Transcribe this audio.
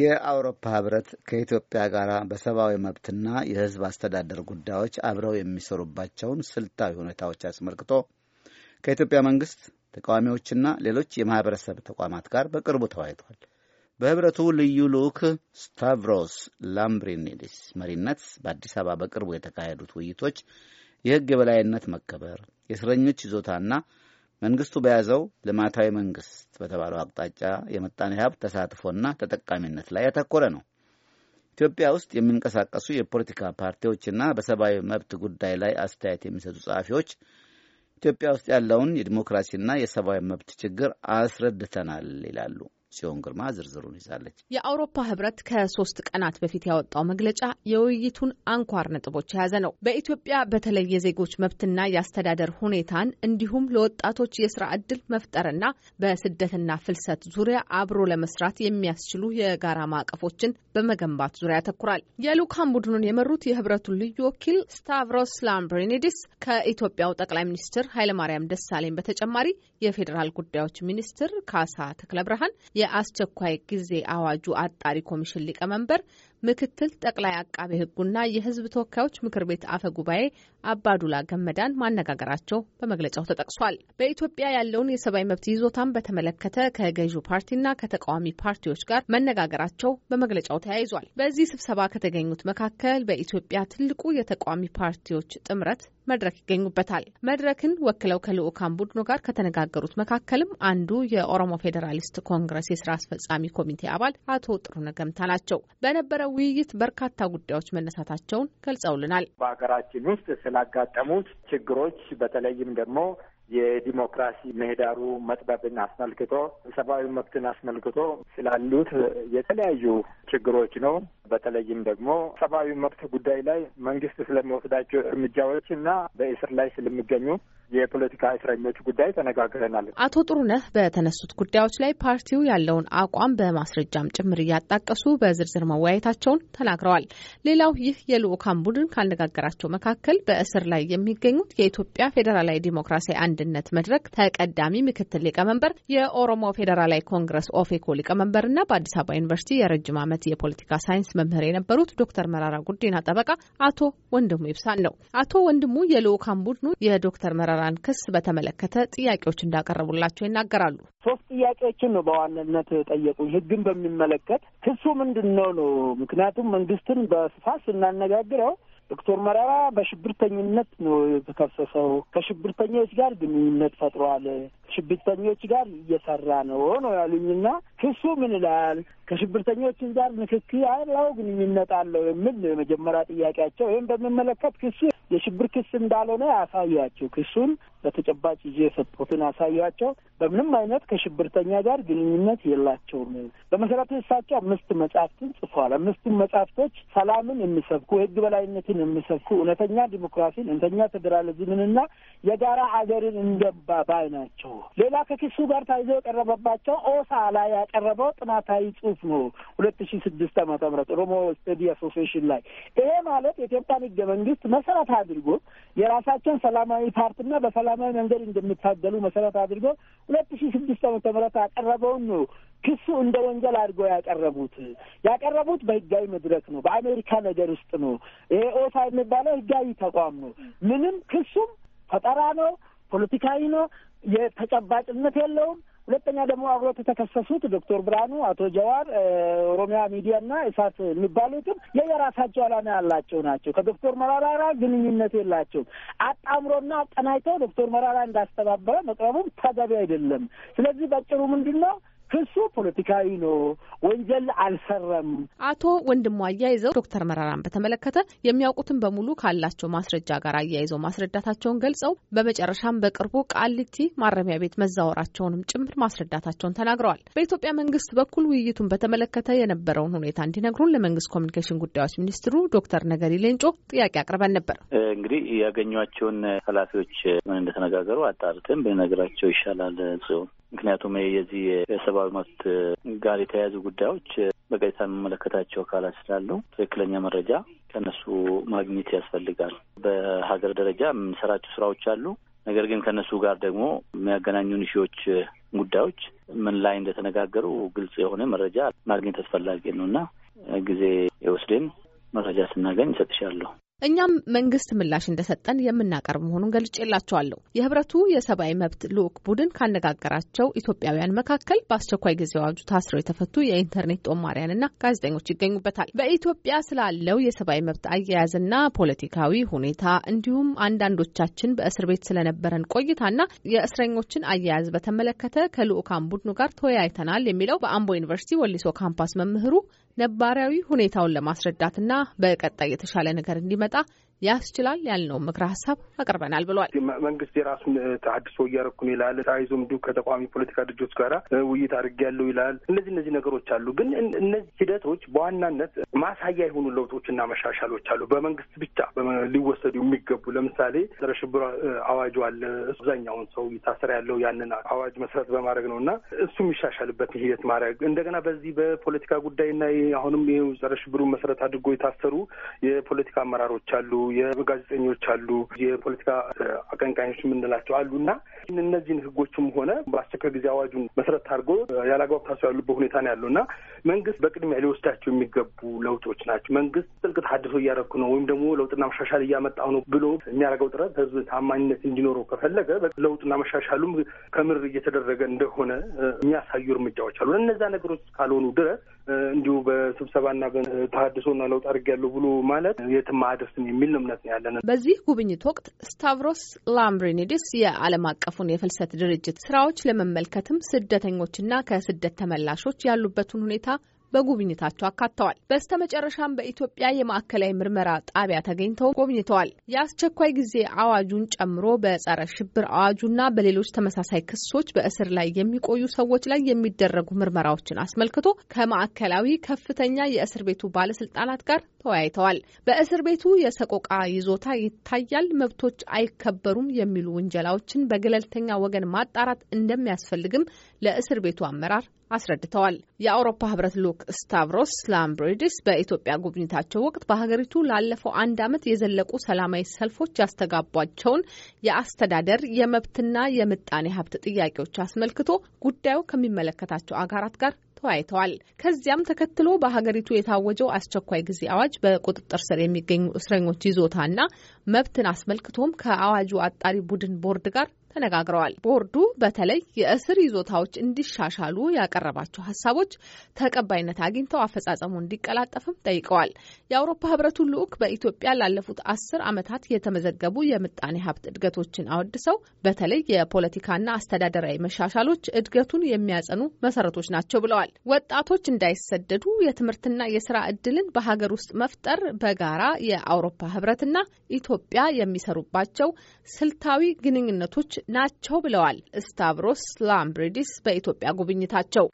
የአውሮፓ ህብረት ከኢትዮጵያ ጋር በሰብአዊ መብትና የህዝብ አስተዳደር ጉዳዮች አብረው የሚሰሩባቸውን ስልታዊ ሁኔታዎች አስመልክቶ ከኢትዮጵያ መንግስት ተቃዋሚዎችና ሌሎች የማህበረሰብ ተቋማት ጋር በቅርቡ ተወያይቷል። በህብረቱ ልዩ ልዑክ ስታቭሮስ ላምብሪኒዲስ መሪነት በአዲስ አበባ በቅርቡ የተካሄዱት ውይይቶች የህግ የበላይነት መከበር፣ የእስረኞች ይዞታና መንግስቱ በያዘው ልማታዊ መንግስት በተባለው አቅጣጫ የመጣኔ ሀብት ተሳትፎና ተጠቃሚነት ላይ ያተኮረ ነው። ኢትዮጵያ ውስጥ የሚንቀሳቀሱ የፖለቲካ ፓርቲዎችና በሰብአዊ መብት ጉዳይ ላይ አስተያየት የሚሰጡ ጸሐፊዎች ኢትዮጵያ ውስጥ ያለውን የዲሞክራሲና የሰብአዊ መብት ችግር አስረድተናል ይላሉ። ጽዮን ግርማ ዝርዝሩን ይዛለች። የአውሮፓ ህብረት ከሶስት ቀናት በፊት ያወጣው መግለጫ የውይይቱን አንኳር ነጥቦች የያዘ ነው። በኢትዮጵያ በተለይ የዜጎች መብትና የአስተዳደር ሁኔታን እንዲሁም ለወጣቶች የስራ ዕድል መፍጠርና በስደትና ፍልሰት ዙሪያ አብሮ ለመስራት የሚያስችሉ የጋራ ማዕቀፎችን በመገንባት ዙሪያ ያተኩራል። የልዑካን ቡድኑን የመሩት የህብረቱ ልዩ ወኪል ስታቭሮስ ላምብሪኒዲስ ከኢትዮጵያው ጠቅላይ ሚኒስትር ኃይለማርያም ደሳለኝ በተጨማሪ የፌዴራል ጉዳዮች ሚኒስትር ካሳ ተክለብርሃን የአስቸኳይ ጊዜ አዋጁ አጣሪ ኮሚሽን ሊቀመንበር ምክትል ጠቅላይ አቃቤ ሕጉና የሕዝብ ተወካዮች ምክር ቤት አፈ ጉባኤ አባዱላ ገመዳን ማነጋገራቸው በመግለጫው ተጠቅሷል። በኢትዮጵያ ያለውን የሰብአዊ መብት ይዞታን በተመለከተ ከገዢው ፓርቲና ከተቃዋሚ ፓርቲዎች ጋር መነጋገራቸው በመግለጫው ተያይዟል። በዚህ ስብሰባ ከተገኙት መካከል በኢትዮጵያ ትልቁ የተቃዋሚ ፓርቲዎች ጥምረት መድረክ ይገኙበታል። መድረክን ወክለው ከልዑካን ቡድኑ ጋር ከተነጋገሩት መካከልም አንዱ የኦሮሞ ፌዴራሊስት ኮንግረስ የስራ አስፈጻሚ ኮሚቴ አባል አቶ ጥሩነ ገምታ ናቸው። በነበረው ውይይት በርካታ ጉዳዮች መነሳታቸውን ገልጸውልናል። በሀገራችን ውስጥ ስላጋጠሙት ችግሮች በተለይም ደግሞ የዲሞክራሲ ምህዳሩ መጥበብን አስመልክቶ ሰብአዊ መብትን አስመልክቶ ስላሉት የተለያዩ ችግሮች ነው። በተለይም ደግሞ ሰብአዊ መብት ጉዳይ ላይ መንግስት ስለሚወስዳቸው እርምጃዎች እና በእስር ላይ ስለሚገኙ የፖለቲካ እስረኞች ጉዳይ ተነጋግረናል። አቶ ጥሩነህ በተነሱት ጉዳዮች ላይ ፓርቲው ያለውን አቋም በማስረጃም ጭምር እያጣቀሱ በዝርዝር መወያየታቸውን ተናግረዋል። ሌላው ይህ የልዑካን ቡድን ካነጋገራቸው መካከል በእስር ላይ የሚገኙት የኢትዮጵያ ፌዴራላዊ ዲሞክራሲያዊ አንድነት መድረክ ተቀዳሚ ምክትል ሊቀመንበር፣ የኦሮሞ ፌዴራላዊ ኮንግረስ ኦፌኮ ሊቀመንበርና በአዲስ አበባ ዩኒቨርሲቲ የረጅም ዓመት ዩኒቨርሲቲ የፖለቲካ ሳይንስ መምህር የነበሩት ዶክተር መራራ ጉዲና ጠበቃ አቶ ወንድሙ ይብሳን ነው። አቶ ወንድሙ የልኡካን ቡድኑ የዶክተር መራራን ክስ በተመለከተ ጥያቄዎች እንዳቀረቡላቸው ይናገራሉ። ሶስት ጥያቄዎችን ነው በዋናነት ጠየቁኝ። ህግን በሚመለከት ክሱ ምንድን ነው ነው? ምክንያቱም መንግስትን በስፋት ስናነጋግረው ዶክተር መራራ በሽብርተኝነት ነው የተከሰሰው፣ ከሽብርተኞች ጋር ግንኙነት ፈጥሯል፣ ሽብርተኞች ጋር እየሰራ ነው ነው ያሉኝና ክሱ ምን ይላል? ከሽብርተኞች ጋር ንክኪ ያለው ግንኙነት አለው የሚል የመጀመሪያ ጥያቄያቸው። ይህም በሚመለከት ክሱ የሽብር ክስ እንዳልሆነ ያሳያቸው ክሱን በተጨባጭ ይዤ የሰጡትን ያሳያቸው በምንም አይነት ከሽብርተኛ ጋር ግንኙነት የላቸውም። በመሰረቱ እሳቸው አምስት መጽሐፍትን ጽፏል። አምስቱም መጽሐፍቶች ሰላምን የሚሰብኩ የህግ በላይነትን የሚሰብኩ እውነተኛ ዲሞክራሲን፣ እውነተኛ ፌዴራሊዝምንና የጋራ አገርን እንደባባይ ናቸው። ሌላ ከክሱ ጋር ታይዞ የቀረበባቸው ኦሳ ላይ ያቀረበው ጥናታዊ ጽሁፍ ነው ሁለት ሺ ስድስት ዓመተ ምህረት ኦሮሞ ስተዲ አሶሲዬሽን ላይ ይሄ ማለት የኢትዮጵያን ህገ መንግስት መሰረት አድርጎ የራሳቸውን ሰላማዊ ፓርቲና በሰላማዊ መንገድ እንደሚታገሉ መሰረት አድርጎ ሁለት ሺ ስድስት ዓመተ ምህረት ያቀረበውን ነው ክሱ እንደ ወንጀል አድርገው ያቀረቡት ያቀረቡት በህጋዊ መድረክ ነው። በአሜሪካ ነገር ውስጥ ነው። ይሄ ኦሳ የሚባለው ህጋዊ ተቋም ነው። ምንም ክሱም ፈጠራ ነው፣ ፖለቲካዊ ነው። የተጨባጭነት የለውም። ሁለተኛ ደግሞ አብሮት የተከሰሱት ዶክተር ብርሃኑ፣ አቶ ጀዋር፣ ኦሮሚያ ሚዲያ እና እሳት የሚባሉትም የየራሳቸው አላማ ያላቸው ናቸው። ከዶክተር መራራ ግንኙነት የላቸውም። አጣምሮና አቀናጅተው ዶክተር መራራ እንዳስተባበረ መቅረቡም ተገቢ አይደለም። ስለዚህ በጭሩ ምንድን ነው ክሱ ፖለቲካዊ ነው፣ ወንጀል አልሰራም። አቶ ወንድሙ አያይዘው ዶክተር መረራን በተመለከተ የሚያውቁትን በሙሉ ካላቸው ማስረጃ ጋር አያይዘው ማስረዳታቸውን ገልጸው በመጨረሻም በቅርቡ ቃሊቲ ማረሚያ ቤት መዛወራቸውንም ጭምር ማስረዳታቸውን ተናግረዋል። በኢትዮጵያ መንግስት በኩል ውይይቱን በተመለከተ የነበረውን ሁኔታ እንዲነግሩን ለመንግስት ኮሚኒኬሽን ጉዳዮች ሚኒስትሩ ዶክተር ነገሪ ሌንጮ ጥያቄ አቅርበን ነበር። እንግዲህ ያገኟቸውን ኃላፊዎች ምን እንደተነጋገሩ አጣርተን ብንነግራቸው ይሻላል ጽዮን ምክንያቱም የዚህ የሰብአዊ መብት ጋር የተያያዙ ጉዳዮች በቀጥታ የሚመለከታቸው አካላት ስላሉ ትክክለኛ መረጃ ከነሱ ማግኘት ያስፈልጋል። በሀገር ደረጃ የምንሰራቸው ስራዎች አሉ። ነገር ግን ከነሱ ጋር ደግሞ የሚያገናኙን ሺዎች ጉዳዮች ምን ላይ እንደተነጋገሩ ግልጽ የሆነ መረጃ ማግኘት አስፈላጊ ነው እና ጊዜ የወስደን መረጃ ስናገኝ እሰጥሻለሁ። እኛም መንግስት ምላሽ እንደሰጠን የምናቀርብ መሆኑን ገልጬላቸዋለሁ። የህብረቱ የሰብአዊ መብት ልዑክ ቡድን ካነጋገራቸው ኢትዮጵያውያን መካከል በአስቸኳይ ጊዜ አዋጁ ታስረው የተፈቱ የኢንተርኔት ጦማሪያንና ጋዜጠኞች ይገኙበታል። በኢትዮጵያ ስላለው የሰብአዊ መብት አያያዝና ፖለቲካዊ ሁኔታ እንዲሁም አንዳንዶቻችን በእስር ቤት ስለነበረን ቆይታና የእስረኞችን አያያዝ በተመለከተ ከልዑካን ቡድኑ ጋር ተወያይተናል የሚለው በአምቦ ዩኒቨርሲቲ ወሊሶ ካምፓስ መምህሩ ነባራዊ ሁኔታውን ለማስረዳትና በቀጣይ የተሻለ ነገር እንዲመጣ ያስችላል ያልነው ምክረ ሀሳብ አቅርበናል ብሏል። መንግስት የራሱን ተሀድሶ እያረኩን ይላል። ተያይዞ እንዲሁ ከተቃዋሚ ፖለቲካ ድርጅቶች ጋር ውይይት አድርጌያለሁ ይላል። እነዚህ እነዚህ ነገሮች አሉ። ግን እነዚህ ሂደቶች በዋናነት ማሳያ የሆኑ ለውጦችና መሻሻሎች አሉ። በመንግስት ብቻ ሊወሰዱ የሚገቡ ለምሳሌ ጸረ ሽብር አዋጁ አለ። አብዛኛውን ሰው እየታሰረ ያለው ያንን አዋጅ መሰረት በማድረግ ነው እና እሱ የሚሻሻልበት ሂደት ማድረግ እንደገና በዚህ በፖለቲካ ጉዳይና አሁንም ይኸው ጸረ ሽብሩን መሰረት አድርጎ የታሰሩ የፖለቲካ አመራሮች አሉ የጋዜጠኞች አሉ፣ የፖለቲካ አቀንቃኞች የምንላቸው አሉ እና እነዚህን ህጎችም ሆነ በአስቸኳይ ጊዜ አዋጁን መሰረት አድርጎ ያለአግባብ ታስረው ያሉበት ሁኔታ ነው ያለው እና መንግስት በቅድሚያ ሊወስዳቸው የሚገቡ ለውጦች ናቸው። መንግስት ጥልቅ ተሃድሶ እያደረኩ ነው ወይም ደግሞ ለውጥና መሻሻል እያመጣሁ ነው ብሎ የሚያደርገው ጥረት ህዝብ ታማኝነት እንዲኖረው ከፈለገ ለውጥና መሻሻሉም ከምር እየተደረገ እንደሆነ የሚያሳዩ እርምጃዎች አሉ። እነዛ ነገሮች ካልሆኑ ድረስ እንዲሁ በስብሰባና በተሀድሶና ለውጥ አድርጌያለሁ ብሎ ማለት የትም አያደርስም የሚል እምነት ነው ያለን። በዚህ ጉብኝት ወቅት ስታቭሮስ ላምብሪኒዲስ የዓለም አቀፉን የፍልሰት ድርጅት ስራዎች ለመመልከትም ስደተኞችና ከስደት ተመላሾች ያሉበትን ሁኔታ በጉብኝታቸው አካተዋል። በስተመጨረሻም በኢትዮጵያ የማዕከላዊ ምርመራ ጣቢያ ተገኝተው ጎብኝተዋል። የአስቸኳይ ጊዜ አዋጁን ጨምሮ በጸረ ሽብር አዋጁና በሌሎች ተመሳሳይ ክሶች በእስር ላይ የሚቆዩ ሰዎች ላይ የሚደረጉ ምርመራዎችን አስመልክቶ ከማዕከላዊ ከፍተኛ የእስር ቤቱ ባለስልጣናት ጋር ተወያይተዋል። በእስር ቤቱ የሰቆቃ ይዞታ ይታያል፣ መብቶች አይከበሩም የሚሉ ውንጀላዎችን በገለልተኛ ወገን ማጣራት እንደሚያስፈልግም ለእስር ቤቱ አመራር አስረድተዋል። የአውሮፓ ህብረት ልዑክ ስታቭሮስ ላምብሪድስ በኢትዮጵያ ጉብኝታቸው ወቅት በሀገሪቱ ላለፈው አንድ ዓመት የዘለቁ ሰላማዊ ሰልፎች ያስተጋቧቸውን የአስተዳደር የመብትና የምጣኔ ሀብት ጥያቄዎች አስመልክቶ ጉዳዩ ከሚመለከታቸው አጋራት ጋር ተወያይተዋል። ከዚያም ተከትሎ በሀገሪቱ የታወጀው አስቸኳይ ጊዜ አዋጅ በቁጥጥር ስር የሚገኙ እስረኞች ይዞታና መብትን አስመልክቶም ከአዋጁ አጣሪ ቡድን ቦርድ ጋር ተነጋግረዋል። ቦርዱ በተለይ የእስር ይዞታዎች እንዲሻሻሉ ያቀረባቸው ሀሳቦች ተቀባይነት አግኝተው አፈጻጸሙ እንዲቀላጠፍም ጠይቀዋል። የአውሮፓ ህብረቱ ልዑክ በኢትዮጵያ ላለፉት አስር ዓመታት የተመዘገቡ የምጣኔ ሀብት እድገቶችን አወድሰው በተለይ የፖለቲካና አስተዳደራዊ መሻሻሎች እድገቱን የሚያጸኑ መሰረቶች ናቸው ብለዋል። ወጣቶች እንዳይሰደዱ የትምህርትና የስራ እድልን በሀገር ውስጥ መፍጠር በጋራ የአውሮፓ ህብረትና ኢትዮጵያ የሚሰሩባቸው ስልታዊ ግንኙነቶች ናቸው ብለዋል ስታቭሮስ ላምብሪዲስ በኢትዮጵያ ጉብኝታቸው